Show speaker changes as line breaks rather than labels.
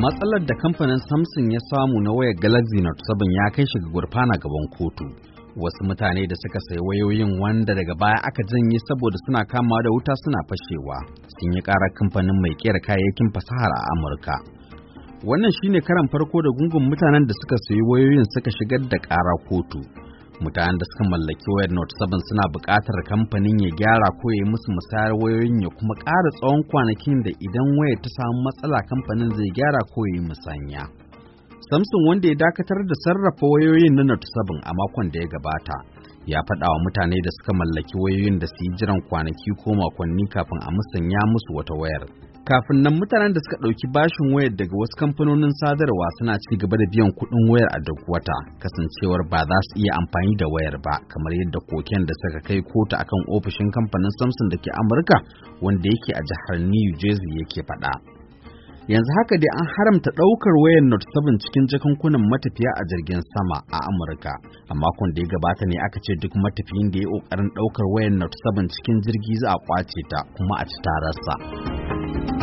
matsalar da kamfanin samsung ya samu na wayar galaxy note 7 ya kai shi ga gurfana gaban kotu wasu mutane da suka sayi wayoyin wanda daga baya aka janye saboda suna kama da wuta suna fashewa sun yi ƙara kamfanin mai kera kayayyakin fasahar a amurka wannan shine karan farko da gungun mutanen da suka sayi wayoyin suka shigar da ƙara kotu mutanen da suka mallaki wayar note 7 suna buƙatar kamfanin ya gyara ko ya musu musayar wayoyin ya kuma ƙara tsawon kwanakin da idan wayar ta samu matsala kamfanin zai gyara ko ya yi musanya samsung wanda ya dakatar da sarrafa wayoyin na note 7 a makon da ya gabata ya faɗa wa mutane da suka mallaki wayoyin da su yi jiran kwanaki ko makonni kafin a musanya musu wata wayar kafin nan mutanen da suka ɗauki bashin wayar daga wasu kamfanonin sadarwa suna ci gaba da biyan kuɗin wayar a duk wata kasancewar ba za su iya amfani da wayar ba kamar yadda koken da suka kai kota akan ofishin kamfanin samsung da ke amurka wanda yake a jihar new jersey yake faɗa yanzu haka dai an haramta ɗaukar wayar note 7 cikin jakankunan matafiya a jirgin sama a amurka a makon da ya gabata ne aka ce duk matafiyin da ya ƙoƙarin ɗaukar wayar note 7 cikin jirgi za a ƙwace ta kuma a ci tararsa. Bye.